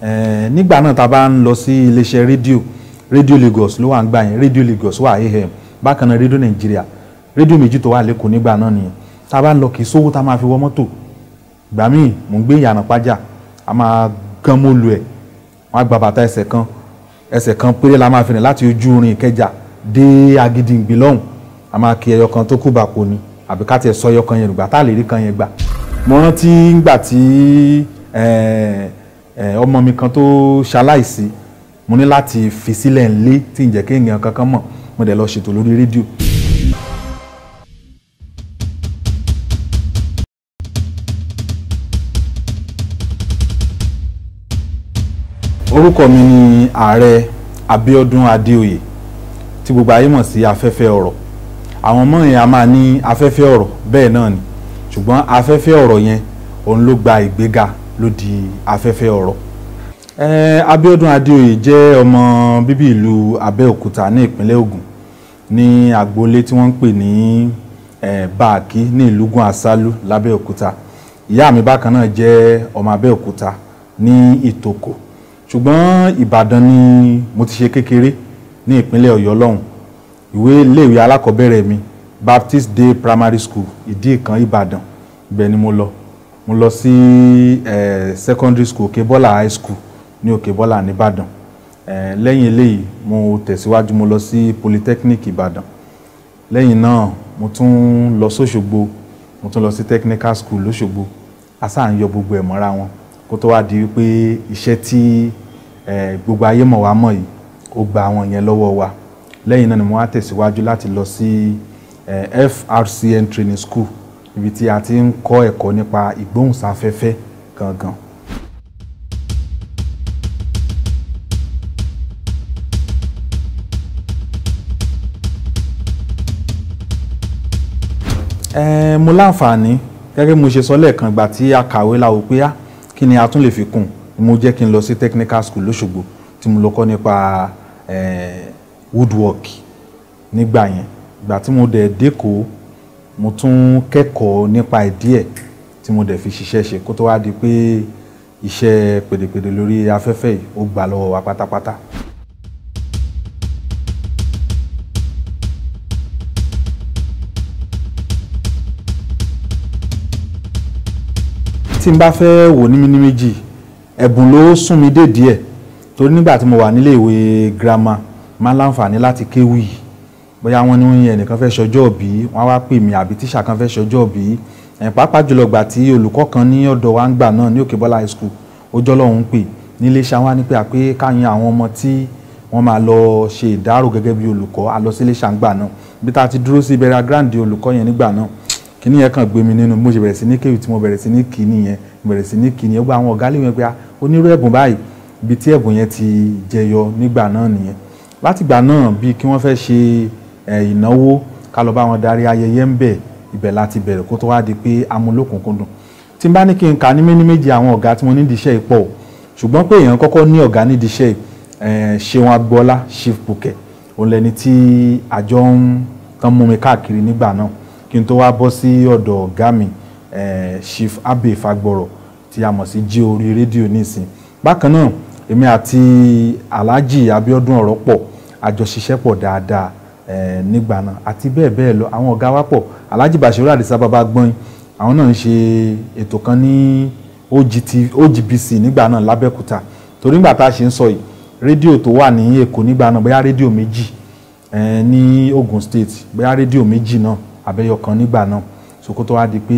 Eh, nígbà náà tá a bá ń lọ sí iléeṣẹ́ rédíò rédíò Lagos ló wà ń gbà yẹn rédíò Lagos wà AM bákan náà rédíò Nàìjíríà rédíò méjì tó wà lẹ́kọ̀ọ́ nígbà náà nìyẹn tá bá ń lọ kì í sówó tá máa fi wọ mọ́tò gbà míì mò ń gbé ìyànà pàjá a máa gan mọ́ lu ẹ̀ wọ́n á gba bàtà ẹsẹ̀ kan ẹsẹ̀ kan péré la máa fi rìn láti ojú orin Ìkẹjà dé Agidi ìgbé lọ́hùn a máa kí ẹyọ kan tó kú bàpò ni àbí ká tiẹ̀ sọ ẹyọ kan yẹn lùgbà tá a lè rí kan yẹn gbà mo rántí ngbà tí ẹ̀ẹ́ eh, Eh, ọmọ mi kan tó ṣaláìsí mo ní láti fi sílẹ̀ ńlé tí ǹjẹ́ kí èèyàn kankan mọ̀ mo dẹ̀ lọ ṣètò lórí rédíò. orúkọ mi ni ààrẹ Abíọ́dún Adéoyè tí gbogbo ayé mọ̀ sí afẹ́fẹ́ ọ̀rọ̀ àwọn ọmọ yẹn a máa ní afẹ́fẹ́ ọ̀rọ̀ bẹ́ẹ̀ náà ni ṣùgbọ́n afẹ́fẹ́ ọ̀rọ̀ yẹn òun ló gba ìgbéga ló di afẹ́fẹ́ ọ̀rọ̀. Eh, Abíọ́dún Adéoyè jẹ́ ọmọ bíbí ìlú Abẹ́òkúta ní ìpínlẹ̀ Ògùn ní agboolé tí wọ́n ń pè ní Báàkí ní ìlúgun Àsálú lábẹ́òkúta ìyá mi bákan náà jẹ́ ọmọ Abẹ́òkúta ní Ìtòkò ṣùgbọ́n Ìbàdàn ni mo ti ṣe kékeré ní ìpínlẹ̀ Ọ̀yọ́ lọ́hùn ìwé iléèwé alákọ̀ọ́bẹ̀rẹ̀ mi Baptist Day Primary School Ìdí Ìkan Ìbàdàn ibẹ̀ ni mo lọ mo lọ sí eh, secondary school Òkèbọ́là high school ní Òkèbọ́là nìbàdàn eh, lẹ́yìn eléyìí mo tẹ̀síwájú mo lọ sí polytechnic ìbàdàn lẹ́yìn náà mo tún lọ sóṣogbo mo tún lọ sí technical school lóṣogbo asa ń yọ gbogbo ẹ̀ mọ́ra wọn kó tó wá di wípé iṣẹ́ tí eh, gbogbo ayé mọ̀ wá mọ̀ yìí ó gba àwọn yẹn lọ́wọ́ wa lẹ́yìn náà ni mo wá tẹ̀síwájú láti lọ sí eh, FRCN training school ibi tí a ti ń kọ́ ẹ̀kọ́ nípa ìgbóhùnsáfẹ́fẹ́ gangan. ẹ̀ẹ́n mo láǹfààní gẹ́gẹ́ mo ṣe sọ lẹ́ẹ̀kan ìgbà tí a kàwé la wò pé á kí ni a tún lè fi kún mo jẹ́ kí n lọ sí technical school lóṣogbo tí mo lọ kọ́ nípa woodwork nígbà yẹn ìgbà tí mo dẹ̀ dẹ́kọ̀ọ́ mo tún kẹ́kọ̀ọ́ nípa ìdí ẹ̀ tí mo dẹ̀ fi ṣiṣẹ́ ṣe kó tó wá di pé iṣẹ́ pèdèpèdè lórí afẹ́fẹ́ yìí ó gbà lọ́wọ́ wa pátápátá. tí n bá fẹ́ wò ní mímí méjì ẹ̀bùn ló sún mi dé díẹ̀ torí nígbà tí mo wà nílé ìwé girama máa ń láǹfààní láti kéwì yìí bóyá wọ́n ní ẹnìkan fẹ́ ṣọjọ́ bí wọ́n wá pè mí àbí tíṣà kan fẹ́ ṣọjọ́ bí pàápàá jùlọ gbà tí olùkọ́ kan ní ọ̀dọ̀ wa ń gbà náà ní Òkè Bọ́lá high school ọjọ́ lọ́hún pè nílé Iléṣà wá ní pé àpé káyìn àwọn ọmọ tí wọ́n máa lọ ṣe ìdárò gẹ́gẹ́ bí olùkọ́ a lọ sí Iléṣà ńgbà náà bí tá a ti dúró sí ìbẹ̀rẹ̀ grand olùkọ́ yẹn nígbà náà kíní yẹn kàn gbé mi nínú mo ṣe bẹ̀rẹ̀ sí ní kéwì tí mo bẹ̀rẹ̀ sí ní kì nìyẹn bẹ̀rẹ̀ sí ní kì nìyẹn gba àwọn ọ̀gá lè yẹn pé ah, onírú ẹ̀bùn báyìí ibi tí ẹ̀bùn yẹn ti jẹyọ nígbà náà nìyẹn látìgbà náà bíi kí wọ́n fẹ́ ṣe ìnáwó ká lọ bá wọn darí ayẹyẹ ń bẹ̀ ibẹ̀ láti bẹ̀rẹ̀ kó tó wá di pé amúlòkùnkúndùn tí n bá ní kí n kà ní méní méjì àwọn ọ̀gá tí mo ní ìdíṣẹ́ ìpọ̀ ṣùgbọ́n pé èèyàn kọ́kọ́ ní ọ̀gá ní ìdíṣẹ́ Ṣeun Agboola Chief Buke òun lẹni tí àjọ ń tán mú mi káàkiri nígbà náà kí n tó wá bọ́ sí ọ̀dọ̀ ọ̀gá mi Chief Abe Fagbọ̀rọ̀ tí a mọ̀ sí jí orí rédíò nísìn bákan náà èmi àti Alhaji Abiodun Ọ̀rọ̀pọ̀ àjọṣiṣẹ́pọ̀ dáadáa Eh, nígbà náà àti bẹ́ẹ̀ bẹ́ẹ̀ lọ àwọn ọ̀gá wa pọ̀ Alhaji Bashiru Adisa baba gbọ́n àwọn náà ń ṣe ètò kan ní OGBC nígbà náà lábẹ́kúta torí nígbà tá a ṣe ń sọ yìí rédíò tó wà ní Èkó nígbà bóyá rédíò méjì eh, ní Ogun State bóyá rédíò méjì náà abẹ́yọkan nígbà náà Sokoto wá di pé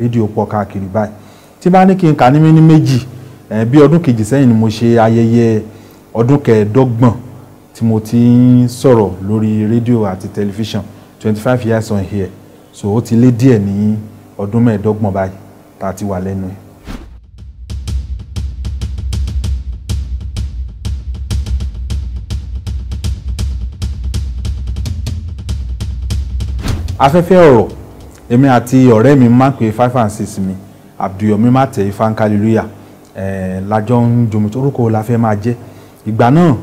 rédíò pọ̀ káàkiri báyìí tí bá ní kí n kà ní méjì eh, bí ọdún kejì sẹ́yìn ni mo ṣe ayẹyẹ ọdún kẹẹ̀ẹ́dọ́gbọ̀n tí mo ti ń sọ̀rọ̀ lórí rédíò àti tẹlifíṣàn twenty five years on here so ó ti lé díẹ̀ ní ọdún mẹ́ẹ̀ẹ́dọ́gbọ̀n báyìí tá a ti wà lẹ́nu ẹ̀. afẹ́fẹ́ ọ̀rọ̀ èmi àti ọ̀rẹ́ mi máa ń pe five and six mi abdulyomi mate ifankaliluya ẹ̀ẹ́d eh, lajọ ń jomi orúkọ la fẹ́ máa jẹ́ ìgbà náà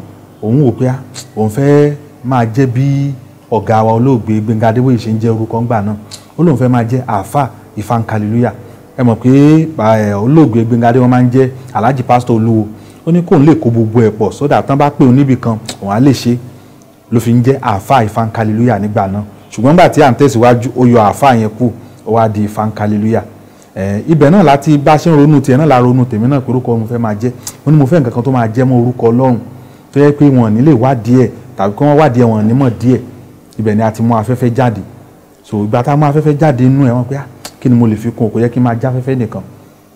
òun wò pé ah, òun fẹ́ máa jẹ́ bí ọ̀gá wa olóògbé Gbẹ́ngà Adébóyè ṣe ń jẹ́ orúkọ ńgbà náà ó lóun fẹ́ máa jẹ́ àáfà ìfankaliluya ẹ mọ̀ pé olóògbé Gbẹ́ngà Adébóyè máa ń jẹ́ alhaji pásítọ̀ olúwo ó ní kóun lè kó gbogbo ẹ̀ pọ̀ sódà tán bá pè òun níbì kan òun á lè ṣe ló fi ń jẹ́ àáfà ìfankaliluya nígbà náà ṣùgbọ́n nígbà tí à ń tẹ̀síwájú ó yọ àáfà yẹn ibẹ̀ náà láti bá ṣe ń ronú tiẹ̀ náà la ronú tèmi náà pé orúkọ òun fẹ́ máa jẹ́ mo ní mo fẹ́ nǹkan kan tó máa jẹ́ mọ́ orúkọ ọlọ́run tó yẹ pé wọn ò ní lè wádìí ẹ̀ tàbí kí wọ́n wádìí ẹ̀ wọn ò ní mọ̀ díẹ̀ ibẹ̀ ni a ti mú afẹ́fẹ́ jáde so ìgbà tá a mú afẹ́fẹ́ jáde inú ẹ̀ wọ́n pé ah, kí ni mo lè fi kún o kò yẹ kí n máa já afẹ́fẹ́ nìkan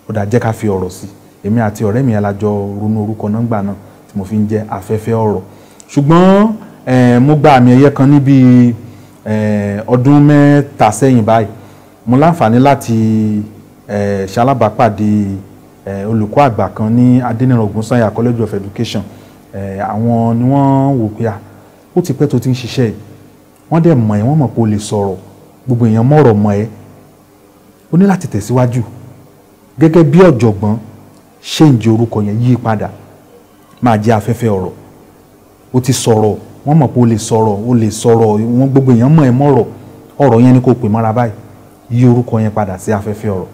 ó dà jẹ́ ká fi ọ̀rọ̀ sí èmi àti ọ̀rẹ́ mi alájọ ronú orúkọ nọ́ngbà náà tí mo fi ń jẹ́ afẹ́fẹ́ ọ̀rọ̀ ṣùgbọ́n mo gba àmì ẹ̀yẹ kan níbi ọdún mẹ́ta sẹ́yìn báyìí mo láǹfààní láti ṣalábàápàdé olùkọ́ àgbà kan ní Adéníran College of Education Eh, àwọn ni wọ́n wò pé à ah, ó ti pẹ́ tó ti ń ṣiṣẹ́ yìí wọ́n dẹ̀ mọ̀ ẹ́ wọ́n mọ̀ pé o lè sọ̀rọ̀ gbogbo èèyàn mọ̀rọ̀ mọ̀ ẹ́ o ní láti tẹ̀síwájú gẹ́gẹ́ bí ọ̀jọ̀gbọ́n ṣé ń jẹ orúkọ yẹn yí padà máa jẹ́ afẹ́fẹ́ ọ̀rọ̀ o ti sọ̀rọ̀ wọ́n mọ̀ pé o lè sọ̀rọ̀ o lè sọ̀rọ̀ wọ́n gbogbo èèyàn mọ̀ ẹ́ mọ̀rọ̀ ọ̀rọ̀ yẹn ni kò pè mọ́ra báyìí yí orúkọ yẹn padà sí afẹ́fẹ́ ọ̀rọ̀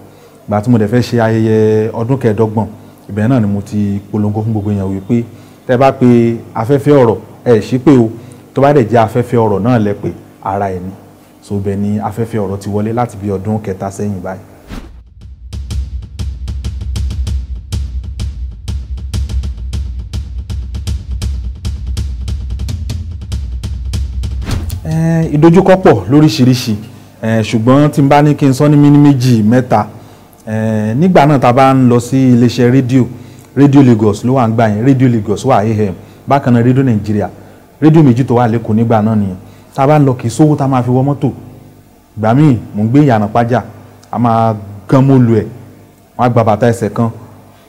gbà tí mo dẹ̀ fẹ́ ṣe ayẹyẹ ọdún kẹẹ̀ẹ́dọ́gbọ̀n ìbẹ̀rẹ̀ náà ni mo ti polongo fún gbogbo èèyàn wípé tẹ́ bá pe afẹ́fẹ́ ọ̀rọ̀ ẹ̀ sí pé o tó bá dẹ̀ jẹ́ afẹ́fẹ́ ọ̀rọ̀ náà lẹ pé ara ẹ̀ ni so bẹ́ẹ̀ ni afẹ́fẹ́ ọ̀rọ̀ ti wọlé láti bí ọdún kẹta sẹ́yìn báyìí. ìdojúkọ pọ̀ lóríṣiríṣi ṣùgbọ́n tí n bá ní kí n sọ ní mímí méjì mẹ́ta nígbà náà tá bá ń lọ sí iléeṣẹ́ rédíò Radio Lagos ló wà ń gbà yẹn rédíò Lagos wà AM bákan náà Radio Nigeria, Radio méjì tó wà lẹ́kọ̀ọ́ nígbà náà nìyẹn tá a bá lọ kì í sówó tá a máa fi wọ mọ́tò gbà míì mò ń gbé ìyànà pàjá a máa gán mọ́ lu ẹ̀ wọ́n á gba bàtà ẹsẹ̀ kan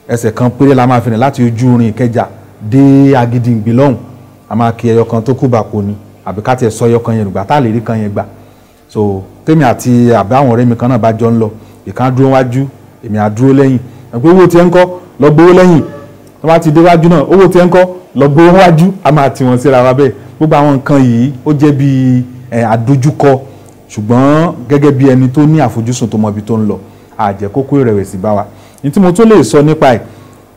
ẹsẹ̀ kan péré la máa fi rìn láti ojú orin Ìkẹjà dé Agidi ìgbì lọ́hùn a máa kí ẹyọ kan tó kú bàkó ni àbí ká tiẹ̀ sọ ẹyọ kan yẹn lùgbà tá a lè rí kan yẹn gbà so tèmi àti àbáwọn ọ̀rẹ́ mi kan náà bá jọ ń lọ ìkan dúró wájú èmi àdúró lẹ́yìn ẹgbẹ́ owó tiẹ̀ ń kọ́ lọ gbowó lẹ́yìn tó bá ti déwájú náà owó tiẹ̀ ń kọ́ lọ gbowó wájú a máa tì wọ́n síra wa bẹ́ẹ̀ gbogbo àwọn nǹkan yìí ó jẹ́ bí àdójúkọ ṣùgbọ́n gẹ́gẹ́ bí ẹni tó ní àfojúsùn tó mọ ibi tó ń lọ àjẹ́ kókó ìrẹ̀wẹ̀sì bá wa ní tí mo tó lè sọ nípa ẹ̀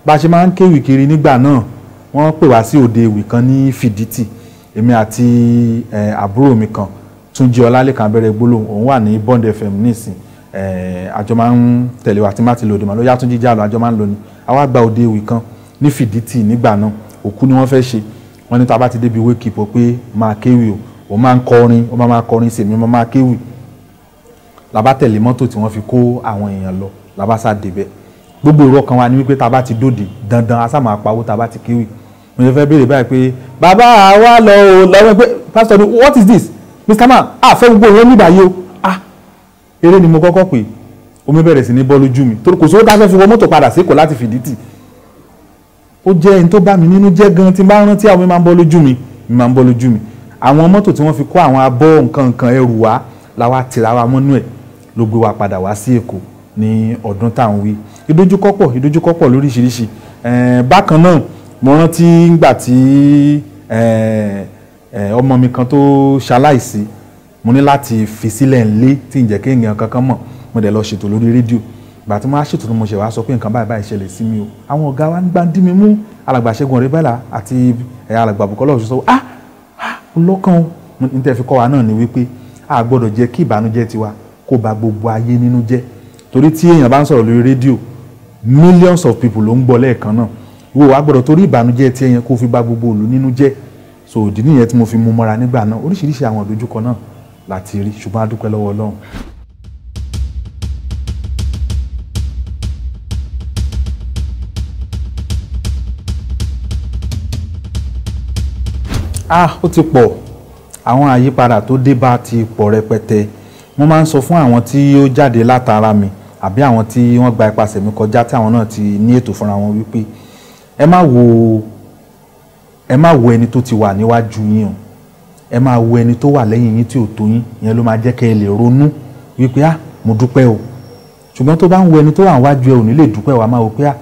bá a ṣe máa ń kéwì kiri nígbà náà wọ́n pè wá sí òde ìwì kan ní fìdítì èmi àti àbúrò mi kan Túnjí Ọlálékan abẹ́rẹ́ gbólóhùn òun wà ní Bond FM nísìnyí Eh, àjọ máa ń tẹ̀lé wa tí má ti lò òde màá ló yàtún jíjà lọ àjọ máa ń lò ní àwa gba òde ìwé kan ní fìdítì nígbà náà òkú ni wọ́n fẹ́ ṣe wọ́n ní tá a bá ti débi wake up pé máa kéwì o ó máa ń kọrin ó máa kọrin sí ó máa kéwì làbá tẹ̀lé mọ́tò tí wọ́n fi kó àwọn èèyàn lọ làbá sá débẹ̀ gbogbo ìrọ̀ kan wa ni wípé tá bá ti dòde dandan a sá máa pawó tá a bá ti kéwì mo fẹ́ béèrè báyìí pé bàbá àwa lọ́wọ́ pé pásítọ̀ ni what is this mr man àfẹ́ gbogbo ìrọ̀ níbàyí o eré ni mo kọ́kọ́ pè omi bẹ̀rẹ̀ sí ní bọ́ lójú mi torí kò sówó tá a fẹ́ fi wọ mọ́tò padà sékòó láti fìdí tì ó jẹ́ ẹni tó bá mi nínú jẹ́ gan tí n bá rántí àwọn máa ń bọ́ lójú mi mi máa ń bọ́ lójú mi àwọn mọ́tò tí wọ́n fi kó àwọn abọ́ nǹkan nǹkan ẹrù wá làwa tìra wa mọ́nú ẹ̀ ló gbé wa padà wá sí Èkó ní ọdún táwọn wí ìdójúkọ́pọ̀ ìdójúkọ́pọ̀ lóríṣiríṣi bákan náà mo rántí ngbà tí ọmọ mi kan tó ṣaláìsí mo ní láti fi sílẹ̀ ńlé tí ǹjẹ́ kí èèyàn kankan mọ̀ mo dẹ̀ lọ ṣètò lórí rédíò ìgbà tí mo á ṣètò ni mo ṣe wá sọ pé nǹkan báyìí báyìí ṣẹlẹ̀ sí mi o àwọn ọ̀gá wa ń gbá ń dí mi mú alàgbà Ṣẹ́gun Ọ̀rẹ́bàlá àti eh, alàgbà Bùkọ́lá Òṣùṣọ́ ah ah ọlọ́kàn o ní tẹ́ fi kọ́ wa náà ni wípé a gbọ́dọ̀ jẹ́ kí ìbànújẹ́ tiwa kó ba gbogbo ayé nínú jẹ́ torí tí èèyàn bá ń sọ̀rọ̀ lórí rédíò millions of people ló ń gbọ́ lẹ́ẹ̀kan náà ìwọ wa gbọ́dọ̀ torí ìbànújẹ́ tí èèyàn kó fi ba gbogbo ìlú nínú jẹ́ so ìdí nìyẹn tí mo fi mú mọ́ra nígbà náà oríṣiríṣi àwọn ìdojúkọ náà láti rí ṣùgbọ́n a dúpẹ́ lọ́wọ́ Ọlọ́run. ah ó ti pọ̀ àwọn àyípadà tó dé bá ti pọ̀ rẹpẹtẹ mo máa ń sọ fún àwọn tí ó jáde látara mi àbí àwọn tí wọ́n gba ipasẹ̀ mi kọjá tí àwọn náà ti ní ètò fúnra wọn wípé ẹ má wo ẹ má wo ẹni tó ti wà níwájú yín o ẹ máa wo ẹni tó wà lẹ́yìn yín tí ò tó yín ìyẹn ló máa jẹ́ kẹ́ ẹ lè ronú wípé ah mo dúpẹ́ o ṣùgbọ́n tó bá ń wo ẹni tó wà wájú ẹ ò ní lè dúpẹ́ wàá máa wò pé ah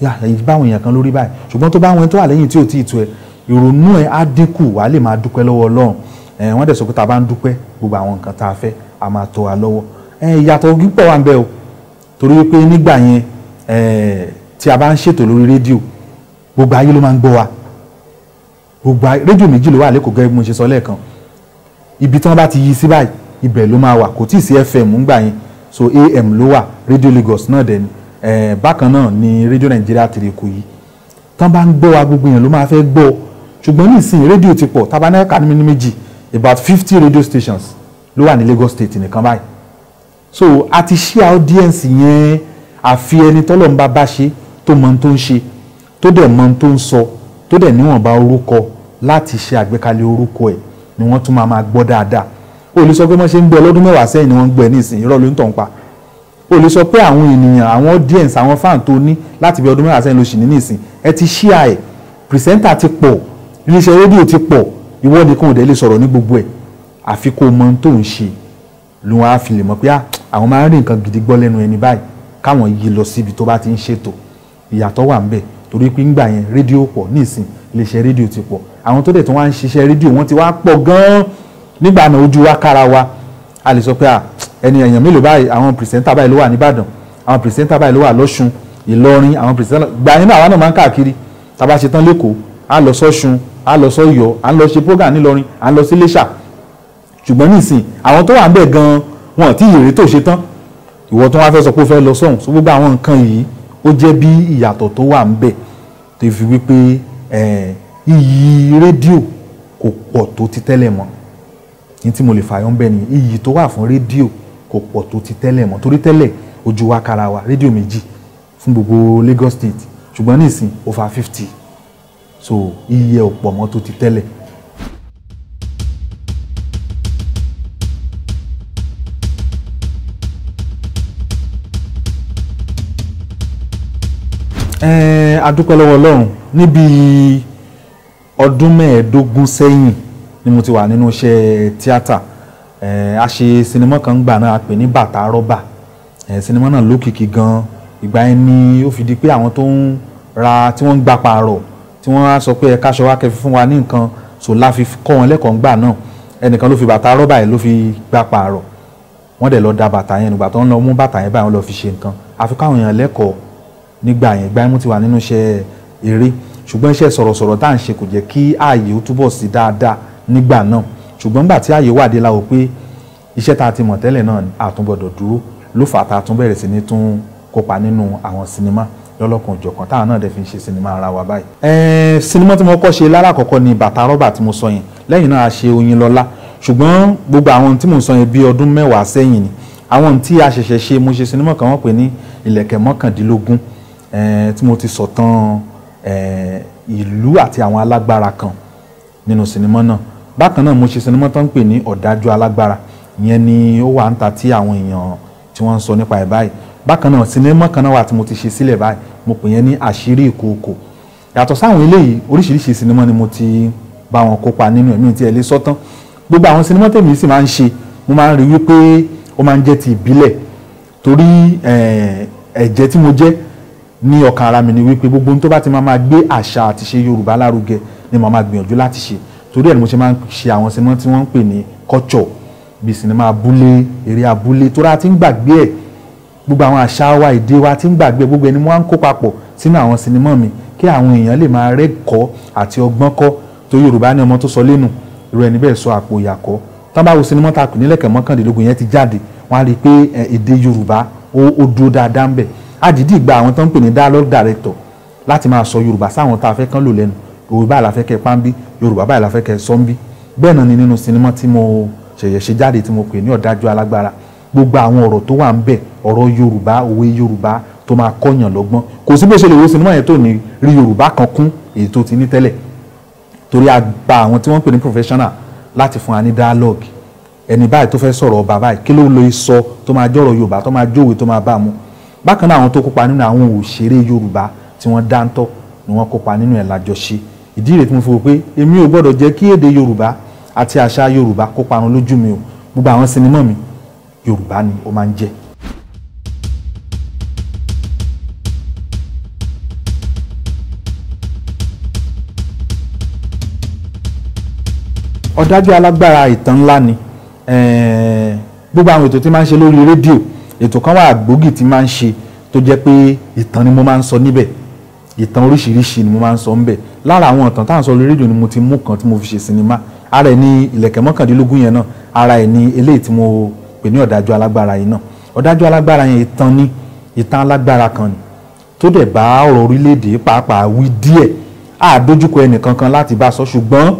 yà ẹ̀yìn báwọn èèyàn kan lórí báyìí ṣùgbọ́n tó bá ń wo ẹni tó wà lẹ́yìn tí ò tí ì tó ẹ ìrònú ẹ á dínkù wàá lè máa dúpẹ́ lọ́wọ́ Ọlọ́run ẹ wọ́n dẹ̀ sọ pé tá bá ń dúpẹ́ gbogbo àwọn nǹkan tá a wa lọ́wọ́ ẹ ìyàtọ̀ púpọ̀ wà ń bẹ o torí wípé nígbà yẹn tí a bá ń ṣètò lórí rédíò gbogbo ayé ló máa ń gbogbo rédíò méjì ló wà lẹ́kọ̀ọ́ gẹ́gẹ́ bí mo ṣe sọ lẹ́ẹ̀kan ibi tí wọ́n bá ti yí sí báyìí ibẹ̀ ló máa wà kò tí sí fm ń gbà yẹn so am ló wà rédíò Lagos náà dẹ̀ ni eh, bákan náà ni rédíò Nàìjíríà tèrè kò yí tán bá ń gbọ́ wa gbogbo èèyàn ló máa fẹ́ gbọ́ ṣùgbọ́n nísìnyí rédíò ti pọ̀ tabanẹ́ka ní méjì about fifty radio stations ló wà ní Lagos state nìkan báyìí so a ṣí audience yẹn àfi ẹni tọ́lọ́mùbá bá ṣe tó tó dẹ̀ níwọ̀nba orúkọ láti ṣe àgbékalẹ̀ orúkọ ẹ̀ ni wọ́n tún máa máa gbọ́ dáadáa o sọ pé wọ́n ṣe ń gbọ́ lọ́dún mẹ́wàá sẹ́yìn ni wọ́n ń gbọ́ ẹ̀ nísìnyí irọ́ ló ń tàn pa o lè sọ pé àwọn ènìyàn àwọn audience àwọn fan tó ní láti bí ọdún mẹ́wàá sẹ́yìn ló ṣì ní nísìn ẹ ti ṣíà ẹ̀ pìrìsẹ́ńtà ti pọ̀ iléeṣẹ́ rédíò ti pọ̀ ìwọ nìkan ò dẹ̀ lè sọ̀rọ̀ ní gbogbo ẹ̀ àfi kó o mọ ohun tó ń ṣe ló wàá fi lè mọ̀ pé ah, àwọn máa ń rí nǹkan gidi gbọ́ lẹ́nu ẹni báyìí káwọn yí lọ síbi tó bá ti ń ṣètò ìyàtọ̀ wà ń bẹ̀ torí pé ńgbà yẹn rédíò pọ̀ nísìn iléeṣẹ́ rédíò ti pọ̀ àwọn tó dẹ̀ tí wọ́n ń ṣiṣẹ́ rédíò wọ́n ti wá pọ̀ gan-an nígbà náà ojú wa kára wa a lè sọ pé ẹni èèyàn mélòó báyìí àwọn pìrìsẹ́ńtà báyìí ló wà nìbàdàn àwọn pìrìsẹ́ńtà báyìí ló wà lọ́ṣun ìlọrin àwọn pìrìsẹ́ńtà gbà yín náà àwa náà máa ń káàkiri tá a bá ṣe tán lẹ́kọ̀ọ́ a lọ sọ́ṣun a lọ sọ́yọ́ a lọ ṣe program ó jẹ́ bí ìyàtọ̀ tó wà ń bẹ̀ tó fi wípé iyì rédíò kò pọ̀ tó ti tẹ́lẹ̀ mọ́ ní tí mo lè fààyàn bẹ́ẹ̀ ni iyì tó wà fún rédíò kò pọ̀ tó ti tẹ́lẹ̀ mọ́ torí tẹ́lẹ̀ ojú wa kára wa rédíò méjì fún gbogbo Lagos State ṣùgbọ́n nísìn over fifty so iye ọ̀pọ̀ mọ́ tó ti tẹ́lẹ̀ adúpẹ́ lọ́wọ́ ọlọ́run níbi ọdún mẹ́ẹ̀ẹ́dógún sẹ́yìn ni mo ti wà nínú iṣẹ́ tíátà a ṣe sinimá kan gbà náà a pè ní bàtà rọ́bà sinimá náà lókìkí gan ìgbà yẹn ni ó fi di pé àwọn tó ń ra tí wọ́n ń gba pààrọ̀ tí wọ́n á sọ pé ẹ̀ka aṣọ wa kẹfì wa ní nǹkan so la fi kọ́ wọn lẹ́kọ̀ọ́ ńgbà náà ẹnìkan ló fi bàtà rọ́bà yẹn ló fi gba pààrọ̀ wọ́n dẹ̀ lọ da bàtà yẹn nígbà tó ń lọ mú bàtà yẹn báyìí wọ́n lọ fi ṣe nǹkan àfikún àwọn èèyàn lẹ́kọ̀ọ́ nígbà yẹn ìgbà yẹn mo ti wà nínú iṣẹ́ eré ṣùgbọ́n iṣẹ́ sọ̀rọ̀sọ̀rọ̀ tá à ń ṣe kò jẹ́ kí ààyè ó túbọ̀ sí dáadáa nígbà náà ṣùgbọ́n nígbà tí ààyè wà dé la wò pé iṣẹ́ tá a ti mọ̀ tẹ́lẹ̀ náà àtúngbọ̀dọ̀ dúró ló fà tá a tún bẹ̀rẹ̀ sí ní tún kópa nínú àwọn sinimá lọ́lọ́kan òjọ̀kan táwọn náà dẹ̀ fi ń ṣe sinimá ara wa báyìí. ẹ̀ẹ́n sinimá tí mo kọ́ ṣe lálàkọ́kọ́ ni bàtà rọ́bà tí mo sọ yẹn lẹ́yìn náà a ṣe oyin lọ́lá ṣùgbọ́n gbogbo àwọn tí mo sọ yẹn bíi ọdún mẹ́wàá sẹ́yìn ni àwọn tí a ṣẹ̀ṣẹ̀ ṣe mo ṣe sinimá kan wọ́n pè ní ìlẹ̀kẹ̀ mọ́kàndínlógún Eh, tí mo ti sọ̀tàn eh, ìlú àti àwọn alágbára kan nínú sinimá náà bákan náà mo ṣe sinimá tó pè ní ọ̀dájú alágbára ìyẹn ni ó wà ń ta tí àwọn èèyàn tí wọ́n ń sọ nípa ẹ̀ báyìí bákan náà sinimá kan náà wà tí mo ti ṣe sílẹ̀ báyìí mo pè yẹn ní àṣírí ìkookò yàtọ̀ sáwọn eléyìí oríṣiríṣi sinimá ni mo ti bá wọn kópa nínú ẹ̀mí tí ẹ lè sọ́tán gbogbo àwọn sinimá tèmi sì máa ń ṣe mo máa ń rí wípé ó máa ń jẹ́ ti ìbílẹ̀ torí eh, ẹ̀jẹ̀ tí mo jẹ́ ní ọkàn ara mi ni wípé gbogbo ohun tó bá ti máa máa gbé àṣà àti ṣe Yorùbá lárugẹ ni màá máa gbìyànjú láti ṣe torí ẹ̀ ni mo ṣe máa ń ṣe àwọn sinimá tí wọ́n ń pè ní culture bíi sinimá abúlé eré abúlé tó ti ń gbàgbé ẹ̀ gbogbo àwọn àṣà wa èdè wa ti ń gbàgbé gbogbo ẹni mo wá ń kó papọ̀ sínú àwọn sinimá mi kí àwọn èèyàn lè máa rẹ́kọ̀ọ́ àti ọgbọ́n kọ́ tó Yorùbá ní ọmọ tó sọ lẹ́nu irú ẹni bẹ́ẹ̀ sọ àpò ìyàkọ́ tán bá wo sinimá ta kù nílẹ̀kẹ̀ mọ́kàndínlógún yẹn ti jáde wọ́n á rí i pé èdè Yorùbá ó dúró dáadáa ń bẹ̀ àdìdí gba àwọn tó ń pè ní dialogue director láti máa sọ yorùbá sáwọn tá a fẹ́ kán lò lẹ́nu yorùbá la fẹ́ kẹ́ pánbí yorùbá báyìí la fẹ́ kẹ́ sọ́nbí bẹ́ẹ̀ náà ni nínú sinimá tí mo ṣẹ̀yẹ̀ ṣe jáde tí mo pè ní ọ̀dájú alágbára gbogbo àwọn ọ̀rọ̀ tó wà ń bẹ̀ ọ̀rọ̀ yorùbá òwe yorùbá tó máa kọ́yàn lọ́gbọ́n kò sí bó ṣe lè wo sinimá yẹn tó ní rí yorùbá kan kún èyí tó ti ní tẹ́lẹ̀ torí a gba àwọn tí wọ́n pè ní professional láti fún wa ní dialogue ẹni báyìí tó fẹ́ sọ̀rọ̀ ọba báyìí kí ló lè sọ bákan náà àwọn tó kópa nínú àwọn òṣèré yorùbá tí wọ́n dáńtọ́ ni wọ́n kópa nínú ẹ̀ lájọṣe ìdí rẹ̀ tí mo fi wò pé èmi ò gbọ́dọ̀ jẹ́ kí èdè yorùbá àti àṣà yorùbá kó parun lójú mi o gbogbo àwọn sinimá mi yorùbá ni ó máa ń jẹ́. ọ̀dájú alágbára ìtàn ńlá ni eh, gbogbo àwọn ètò tí máa ń ṣe lórí rédíò ètò kan wà gbòógì tí máa ń ṣe tó jẹ́ pé ìtàn ni mo máa ń sọ níbẹ̀ ìtàn oríṣiríṣi ni mo máa ń sọ níbẹ̀ lára àwọn ìtàn táwọn sọ lórí rédíò ni mo ti mú kan tí mo fi ṣe sinimá ara ẹ̀ ní ìlẹ̀kẹ̀ mọ́kàndínlógún yẹn náà ara ẹ̀ ní eléyìí tí mo pè ní ọ̀dájú alágbára yìí náà ọ̀dájú alágbára yẹn ìtàn ni ìtàn alágbára kan ni tó dẹ̀ bá ọ̀rọ̀ orílẹ̀-èdè pàápàá wí díẹ̀ àdójúkọ ẹnìkankan láti bá sọ ṣùgbọ́n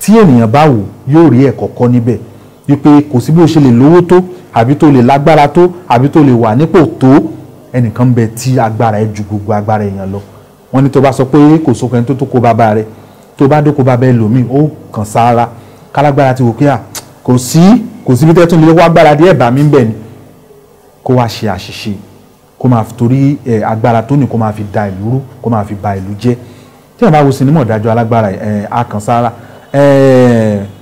tí ènìyàn bá wò yóò rí ẹ̀kọ́ kọ́ níbẹ̀ wípé kò sí bí o ṣe lè lówó tó àbí tó lè lágbára tó àbí tó lè wà nípò tó ẹnìkan ń bẹ tí agbára ẹ ju gbogbo agbára èèyàn lọ wọ́n ní tó bá sọ pé kò sókè tó tó kó bàbá rẹ tó bá dókó bàbá ẹ lòmíì ó kàn sára kálágbára ti wò pé à kò sí kò síbi tẹ́tún lè wá agbára díẹ̀ bá mi bẹ̀ ni kó wá ṣe àṣìṣe kó máa fi torí ẹ agbára tó ní kó máa fi da ìlú rú kó máa fi ba ìlú jẹ́ tí wọ́n wo sinimá ọ̀dájú alágbára ẹ akànsára ẹ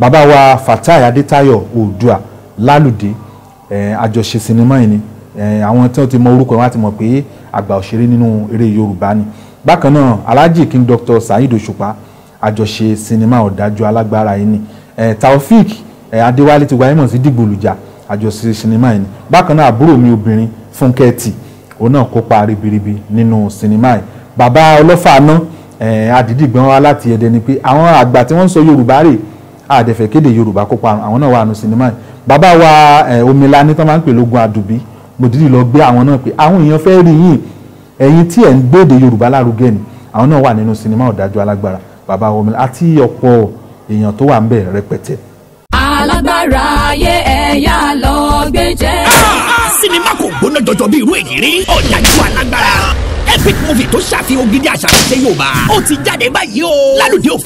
bàbá wa Fatai Adétáyọ̀ Oòduà Lálùdé àjọṣe sinimá yìí ni àwọn tí wọ́n ti mọ orúkọ wọn ti mọ̀ pé àgbà òṣèré nínú eré Yorùbá ni bákan náà Alhaji King Dr. Saheed Òṣùpá àjọṣe sinimá ọ̀dájú alágbára yìí ni Taofik Adéwálé ti wáyé mọ̀ sí Dìgbòlùjà àjọṣe sinimá yìí ni bákan náà àbúrò mi obìnrin Fúnkẹ́ Ẹtì òun náà kópa ribiribi nínú sinimá yìí bàbá ọlọ́fà náà àdìdì gbọ́n wa láti ẹ̀dẹ̀ ni pé àwọn àgbà tí wọ́n ń sọ Yorùbá rèé àdẹ̀fẹ̀ kéde yorùbá kó parun àwọn náà wà nù sinimá bàbá wa omilani tó máa ń pè lógun àdùbí mo dídì lọ gbé àwọn náà pé àwọn èèyàn fẹ́ rí yín ẹ̀yin tí ẹ̀ ń gbéde yorùbá lárugẹ ni àwọn náà wà nínú sinimá ọ̀dájú alágbára bàbá omilani àti ọ̀pọ̀ èèyàn tó wà ń bẹ̀ rẹpẹtẹ. alágbára ayé ẹ̀yà lọ gbé jẹ́. Ah, ah, sinimá kò gbóná jọjọ bí irú èyí rí ọ̀dájú alágbára movie tó ṣàfihàn ògidì àṣà àṣẹ Yorùbá ó ti jáde báyìí o Lálùdé ò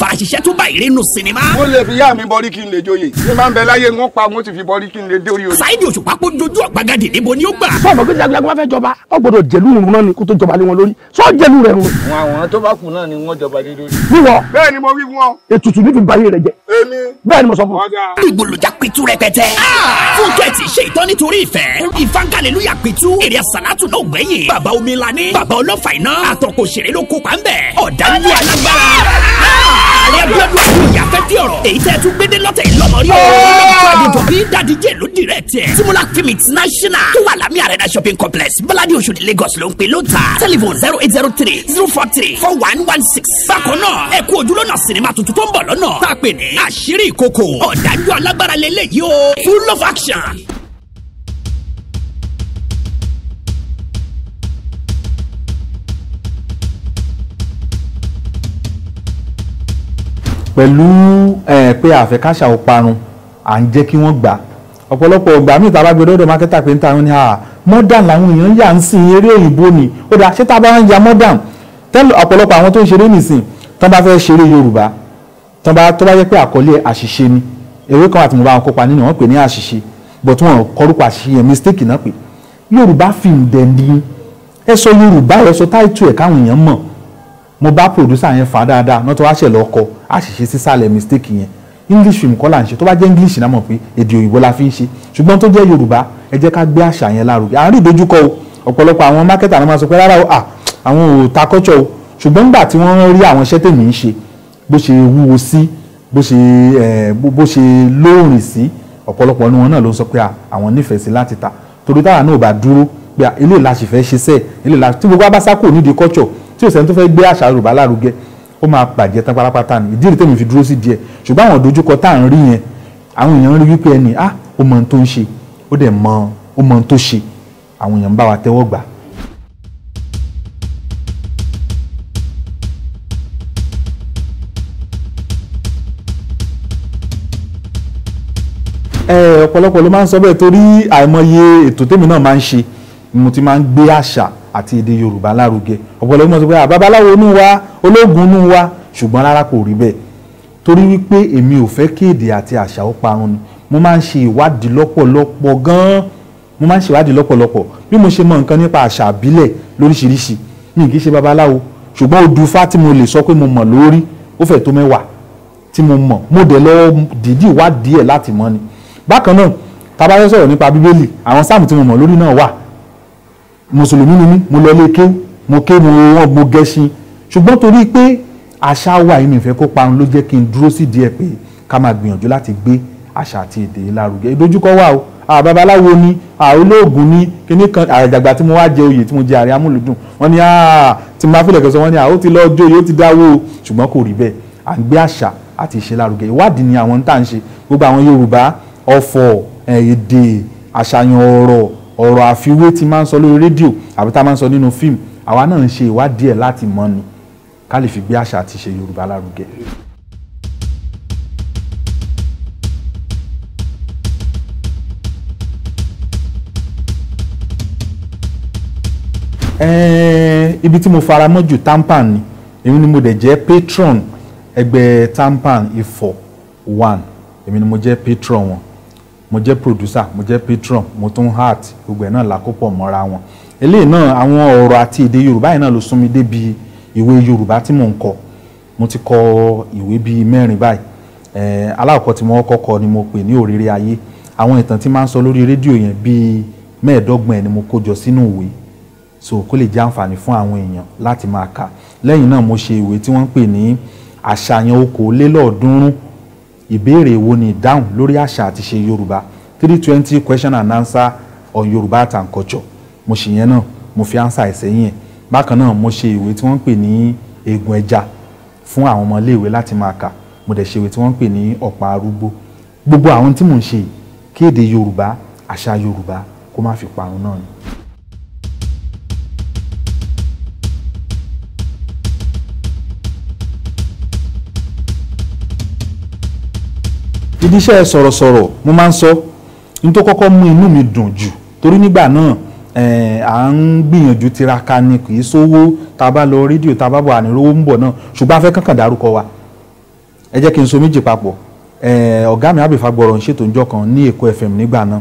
tó bá ìrẹ́nu sinimá. ó lè fi yá mi bọ́rí kí n lè joyè ṣé máa ń bẹ láyé wọn pa wọn ti fi bọ́rí kí n lè dé orí oyè. Saheed Òṣùpá kó jojú ọ̀gbagadè níbo ni ó gbà. bọ́ọ̀mọ̀ kí jagunjagun bá fẹ́ jọba ó gbọ́dọ̀ jẹ̀lú rùn náà ni kó tó jọba lé wọn lórí sọ jẹ̀lú rẹ̀ rùn. wọn àwọn tó bá tán àtọkọ òṣèré ló kópa ń bẹ̀ ọ̀dájú alágbára ààrẹ abiodun akoya fẹ́ di ọ̀rọ̀ èyí tẹ́ ẹ tún gbédé lọ́tẹ̀ ìlọmọrí o àdìjọ bí dadi jẹ́ ló dirẹ̀ tiẹ̀ simula film international tó wà lámì arena shopping complex bọ́ládé oṣù ní Lagos ló ń pè lóta telephone zero eight zero three zero four three four one one six bákan náà ẹ kú ojúlọ́nà sinimá tuntun tó ń bọ̀ lọ́nà tá a pè ní àṣírí ìkòkò ọ̀dájú alágbára lélẹ́yìí o full of action. pẹ̀lú pé àfẹ́káṣà ò parun à ń jẹ́ kí wọ́n gbà ọ̀pọ̀lọpọ̀ ọgbà míì tàbá gbé lọ́dọ̀ mákẹ́tà pé ń ta ní ah, modern làwọn èèyàn yà ń sìn eré òyìnbó ni ó dà ṣé tábà ń ya modern tẹ́lẹ̀ ọ̀pọ̀lọpọ̀ àwọn tó ń ṣeré nìsín tán bá fẹ́ ṣeré Yorùbá tán bá tó bá yẹ pé àkọlé àṣìṣe ni eré kan àti mo bá wọn kópa nínú wọn pè ní àṣìṣe but wọn kọrúkọ àṣìṣe yẹn mistake náà pé Yorùbá fíìmù dẹ̀ ni ẹ sọ Yorùbá ẹ sọ táìtù ẹ̀ káwọn èèyàn mọ̀ mo bá producer yẹn fà dáadáa náà tó wá ṣẹ̀ lọ́kọ á sì ṣe sísàlẹ̀ mistake yẹn english film kọ́ là ń ṣe tó bá jẹ́ english náà mọ̀ pé èdè òyìnbó la fi ń ṣe ṣùgbọ́n tó jẹ́ yorùbá ẹ jẹ́ ká gbé àṣà yẹn lárugẹ àárín ìdojúkọ o ọ̀pọ̀lọpọ̀ àwọn mákẹ́tà ni wọ́n sọ pé rárá o àwọn ò ta kọ́tsọ̀ o ṣùgbọ́n nígbà tí wọ́n rí àwọn iṣẹ́ tèmi ń ṣe bó ṣe wúwo sí bó ṣe lóòrìn sí ọ̀pọ̀lọpọ̀ ni wọn náà ló sọ pé àwọn nífẹ̀ẹ́ sí láti ta torí táwa náà ò bá dúró pé eléyìí la sì fẹ́ ṣe sẹ́ẹ̀ eléyìí la tí gbogbo abásákò nídìí kọ́tsọ̀ tí òsèǹtò fẹ́ gbé àṣà yorùbá lárugẹ ó máa bàjẹ́ tán pátápátá ni ìdí ìrètè mi fi dúró sí díẹ̀ ṣùgbọ́n àwọn ìdojúkọ tá à ń rí yẹn àwọn èèyàn ń rí wípé ẹni ah ó mọ ohun tó ń ṣe ó dẹ̀ mọ ó mọ ohun tó ṣe àwọn èèyàn ń bá wa tẹ́wọ́ gbà. ọ̀pọ̀lọpọ̀ ló máa ń sọ bẹ́ẹ̀ torí àìmọye ètò tèmi náà máa ń ṣe mo ti máa ń gbé àṣà àti èdè yorùbá lárugẹ ọ̀pọ̀lọpọ̀ mọ̀ sí pé àbábaláwo inú wa ológun inú wa ṣùgbọ́n rárá kò rí bẹ́ẹ̀ torí wípé èmi ò fẹ́ kí èdè àti àṣà ó parun ni mo máa ń ṣe ìwádìí lọ́pọ̀lọpọ̀ gan-an mo máa ń ṣe ìwádìí lọ́pọ̀lọpọ̀ bí mo ṣe mọ nǹkan nípa àṣà àbílẹ̀ lóríṣiríṣi mi kì í ṣe babaláwo ṣùgbọ́n odùfá tí mo lè sọ pé mo mọ̀ lórí ó fẹ̀ tó mẹ́wàá tí mo mọ̀ mo dẹ̀ lọ dìídì ìwádìí ẹ̀ láti mọ̀ ni bákan náà tá a bá fẹ́ sọ̀rọ̀ nípa bíbélì àwọn sáàmù tí mo mọ̀ lórí náà wà mùsùlùmí ni mí mo lọ lé ké mo ké mo wọ́n mo gẹṣin ṣùgbọ́n torí pé àṣà wa yìí mi fẹ́ kó parun ló jẹ́ kí n dúró sí díẹ̀ pé ká máa gbìyànjú láti gbé àṣà àti èdè yìí lárugẹ ìdojúkọ wà o àwọn babaláwo ni àwọn olóògùn ni kíní kan àjàgbà tí mo wá jẹ oyè tí mo jẹ àrẹ amúlùdùn wọ́n ní tí mo bá fìlẹ̀ kẹsàn wọ́n ní àwọn ó ti lọ́ọ́ jóye ó ti dáwó ṣùgbọ́n kò rí bẹ́ẹ̀ à ń gbé àṣà àti ìṣe lárugẹ ìwádìí ni àwọn tá à ń ṣe gbogbo àwọn Yorùbá ọ̀fọ̀ èdè àṣàyàn ọ̀rọ̀ ọ̀rọ̀ àfiwé tí máa ń sọ lórí rédíò àbí tá a máa ń sọ nínú fíìmù àwa náà ń ṣe ìwádìí ẹ̀ láti mọ̀ ni ká lè fi gbé àṣà àti ṣe Yorùbá lárugẹ. Eh, ibi tí mo fara mọ́ jù tampan ni èmi ni mo dẹ̀ jẹ́ patron ẹgbẹ́ tampan ifọ̀ one èmi ni mo jẹ́ patron wọn mo jẹ́ producer mo jẹ́ patron mo tún art gbogbo ẹ̀ náà làkópọ̀ mọ́ra wọn eléyìí náà àwọn ọ̀rọ̀ àti èdè yorùbá yìí náà ló sún mi débi ìwé yorùbá tí mò ń kọ mo ti kọ ìwé bíi mẹ́rin báyìí ẹ̀ẹ́n alákọ̀ọ́ tí mo kọ́ ni mo pè ní òrèrè ayé àwọn ìtàn tí máa ń sọ lórí rédíò yẹn bíi mẹ́ẹ̀ẹ́dọ́gbọ̀n ẹ̀ ni mo kó jọ sínú ìwé so kó lè jẹ́ àǹfààní fún àwọn èèyàn láti máa kà lẹ́yìn náà mo ṣe ìwé tí wọ́n ń pè ní àṣàyàn okòólélọ́ọ̀ọ́dúnrún ìbéèrè wo ni ìdáhùn lórí àṣà àti ṣe yorùbá three twenty question and answer on yorùbá art and culture mo ṣe yẹn náà mo fi answer ìsẹ́yìn ẹ̀ bákan náà mo ṣe ìwé tí wọ́n ń pè ní eegun ẹja fún àwọn ọmọ iléèwé láti máa kà mo dẹ̀ ṣe ìwé tí wọ́n ń pè ní ọ̀pá arúgbó gbogbo àwọn tí mò ń ṣe kéde yorùbá àṣà yorùbá kó má fi parun náà ni. ibi iṣẹ́ sọ̀rọ̀sọ̀rọ̀ mo máa ń sọ n tó kọ́kọ́ mú inú mi dùn jù torí nígbà náà eh, à ń gbìyànjú tiraka ni kì í sówó tá a bá lọ rédíò tá a bá bọ̀ ànírówó ń bọ̀ náà ṣùgbọ́n a fẹ́ kankan dárúkọ wa ẹ jẹ́ kí n so méjì papọ̀ eh, ọ̀gá mi àbẹ̀fà gbọ̀rọ̀ ń ṣètò ìjọ kan ní Èkó FM nígbà náà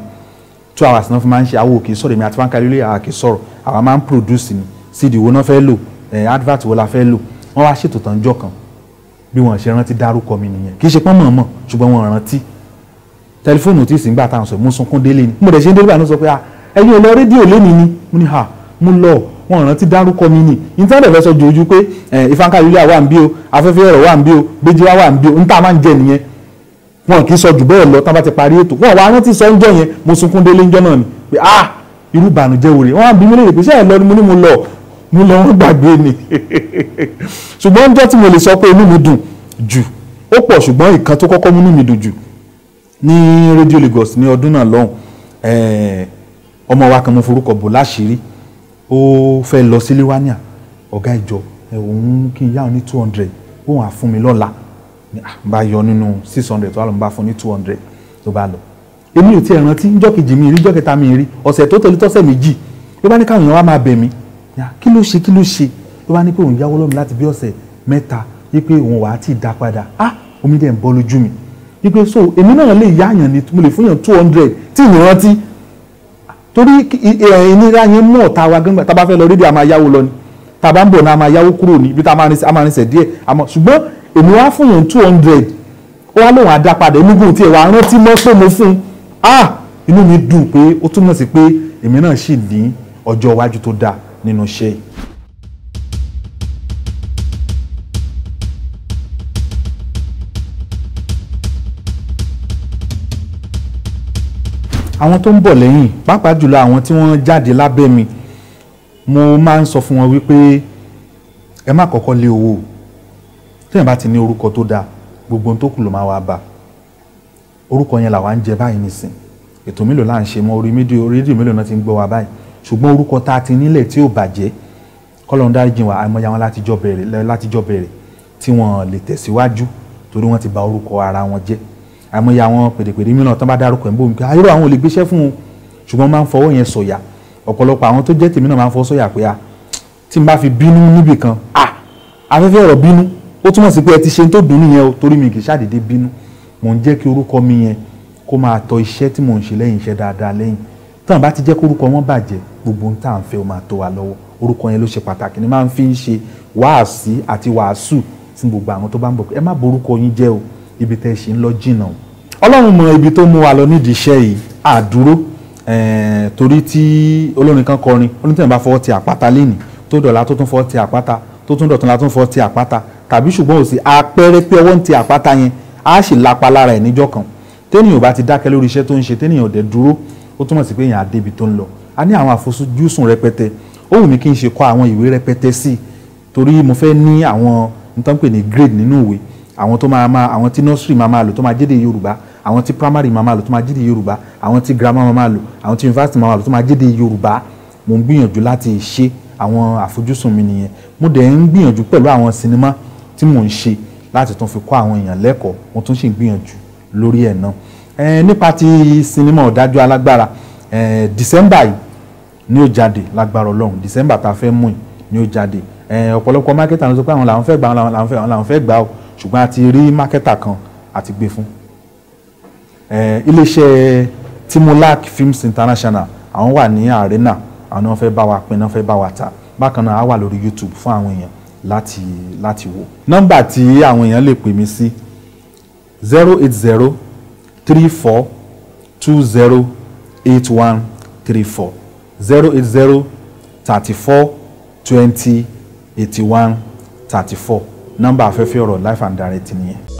two hours náà fi máa ń ṣe àwọn òkè sọ̀rọ̀ èmi àti fáńkà lílé àwà kì sọ̀rọ̀ àwa máa ń produce ni cd wo náà fẹ́ lò eh, advert wo la fẹ́ lò wọ́n wá ṣètò tán ìjọ kan bí wọ́n ṣe rántí dárúkọ mi nìyẹn kì í ṣe pọ́n mọ̀ mọ̀ ṣùgbọ́n wọ́n rántí tẹlifóònù tí ìsìngbà táwọn sọ mo sunkún délé ni mo dẹ̀ ṣe ń délé báyìí sọ pé ah ẹ̀yin ò rédíò lé mi ni mo ní ha mo lọ wọ́n rántí dárúkọ mi ni ìtàn ẹ̀fẹ́ sọ jòjú pé ìfanká yulia wà ń bí o afẹ́fẹ́ ọ̀rọ̀ wà ń bí o gbéjìlá wà ń bí o ń tà máa ń jẹ nìyẹn wọn kì í sọ jù bẹ́ẹ̀ lọ tán bá ti parí ètò wọn wá rántí sọ ń yẹn mo sunkún délé ń náà ni pé ah irú ìbànújẹ́ wo rè wọn á bí mi léèrè pé ṣé lọ ni mo ní mo lọ mo lọ wọ́n gbàgbé ni ṣùgbọ́n ọjọ́ tí mo lè sọ pé inú mi dùn jù ó pọ̀ ṣùgbọ́n ìkan tó kọ́kọ́ mú inú mi dùn jù ní rédíò Lagos ní ọdún náà lọ́hùn eh, ọmọ wa kan mo forúkọ bò láṣìírí ó fẹ́ lọ sí léwánìà ọ̀gá ìjọ òun kí n yá ní two hundred òun á fún mi lọ́la ah, bá yọ nínú six hundred tó wà lọ́n bá fún ní two hundred tó bá lọ èmi ò tiẹ̀ rántí níjọ́ kejì mi rí níjọ́ kẹta mi rí ọ̀sẹ̀ tó tẹ̀lé tọ́sẹ̀ méjì ló bá ní káwọn èèyàn wá máa bẹ̀ mí kí ló ṣe kí ló ṣe ló bá ní pé òun yáwó lọ́mi láti bí ọ̀sẹ̀ mẹ́ta wípé òun wàá tí ì dá padà ah omi dẹ̀ ń bọ́ lójú mi wípé so èmi náà lè yáàyàn ni mo lè fún yàn two hundred tí ìyẹn rántí torí ìnira yẹn mú ọ̀tá wa gbẹ́ngbà tá a bá fẹ́ lọ rédíò a yáwó lọ ni tá a bá ń bọ̀ náà a yáwó kúrò ní ibi tá a máa rinṣẹ̀ díẹ̀ àmọ́ ṣùgbọ́n èmi wá fún yàn two hundred ó wá lóun àdá padà èmi gùn tiẹ̀ wá rántí mọ́ pé mo fún un ah inú mi dùn pé ó túmọ̀ sí pé èmi náà sì ní ọjọ́ iwájú tó dáa nínú iṣẹ́ yìí. àwọn tó ń bọ̀ lẹ́yìn pàápàá jùlọ àwọn tí wọ́n jáde lábẹ́ mi mo máa ń sọ fún wọn wípé ẹ má kọ́kọ́ lé owó tẹ́yìn bá ti ní orúkọ tó dáa gbogbo ohun tó kù ló máa wá bá orúkọ yẹn làwa ń jẹ báyìí nìsín ètò mélòó là ń ṣe mọ́ orí rédíò mélòó náà ti ń gbọ́ wa báyìí ṣùgbọ́n orúkọ tá a ti nílẹ̀ tí ò bàjẹ́ kọ́lọ́run dáríjì wá àìmọye àwọn látijọ́ bẹ̀rẹ̀ látijọ́ bẹ̀rẹ̀ tí wọ́n lè tẹ̀síwájú torí wọ́n ti bà orúkọ ara wọn jẹ́ àìmọye àwọn pèrèpèrè mìíràn tán bá dárúkọ ẹ̀ ń bò mí pé ayúrò ah, àwọn ò lè gbéṣẹ́ fún un ṣùgbọ́n máa ń fọwọ́ yẹn sọ̀yà ọ̀pọ̀lọpọ̀ àwọn tó jẹ́ tèmi náà máa ń fọwọ́ sọ̀yà pé a ah, tí n bá fi bínú níbì kan a ah, afẹ́fẹ́ ọ̀rọ̀ bínú ó túmọ̀ sí pé ẹ ti ṣe tó dùn nìyẹn o torí mi kì í ṣàdédé bínú mò ń jẹ́ kí orúkọ mi yẹn kó máa tọ iṣẹ́ tí mò ń ṣe lẹ́yìn iṣẹ́ dáadáa lẹ́yìn tán bá ti jẹ́ kórúkọ wọn bàjẹ́ gbogbo ohun tá à ń fẹ́ ó máa tó wa lọ́wọ́ orúkọ yẹn ló ṣe pàtàkì ni máa ń fi ń ṣe wáàsí àti wàásù fún gbogbo àwọn tó bá ń bọ̀ ẹ má borúkọ yín jẹ́ o ibi tẹ́ ẹ ṣe ń lọ jìnnà o ọlọ́run mọ ibi tó mú wa lọ nídìí iṣẹ́ yìí àdúró torí tí olórin kan kọrin onítẹ̀yìn bá fọwọ́ ti àpáta lénìí tó dọ̀la tó tún fọwọ́ ti àpáta tó tún dọ̀tún la tó ń fọwọ́ ti àpáta tàbí ṣùgbọ́n òsì apẹ́rẹ́ pé ọwọ́ ti àpáta yẹn á sì lapa lára ẹ̀ níjọ́ kan téèyàn ò bá ti dákẹ́ lórí iṣẹ́ tó ń ṣe téèyàn ò dẹ̀ dúró ó túmọ̀ sí pé èèyàn á débi tó ń lọ a ní àwọn àfojúsùn rẹpẹtẹ ó wù mí kí n ṣe kọ àwọn ìwé rẹpẹtẹ sí i torí mo fẹ́ ní àwọn nǹkan pè ní grade nínú ìwé àwọn tó máa máa àwọn tí nursery máa máa lò tó máa jẹ́dẹ̀ Yorùbá àwọn tí primary máa máa lò tó máa jẹ́dẹ̀ Yorùbá àwọn tí grammar máa máa lò àwọn tí university máa máa lò tó máa jẹ́dẹ̀ Yorùbá mo ń gbìyànjú láti ṣe àwọn àfojúsùn mi nìyẹn mo dẹ̀ ń gbìyànjú pẹ̀lú àwọn sinimá tí mò ń ṣe láti tún fi kọ́ àwọn èèyàn lẹ́kọ̀ọ́ mo tún ṣì ń gbìyànjú lórí ẹ̀ náà nípa ti sinimá ọ̀dájú alágbára december yìí ni ó jáde lágbára ọlọ́run december tá a fẹ́ mú yìí ni ó jáde ọ̀pọ̀lọpọ̀ mákẹ́tà ló sọ pé àwọn làwọn fẹ́ gbà àwọn làwọn fẹ́ gbà ó ṣùgbọ́n a ti rí mákẹ́tà kan àti gbé fún iléeṣẹ́ Timolak Films International àwọn wà ní arena àwọn náà fẹ́ bá wa pin náà fẹ́ bá wa ta bákan náà a wà lórí YouTube fún àwọn èèyàn láti láti wò nọ́mbà tí àwọn èèyàn lè pè mí sí zero eight zero three four two zero eight one three four zero eight zero thirty four twenty eighty one thirty four nọ́mbà afẹ́fẹ́ ọ̀rọ̀ life and direct nìyẹn.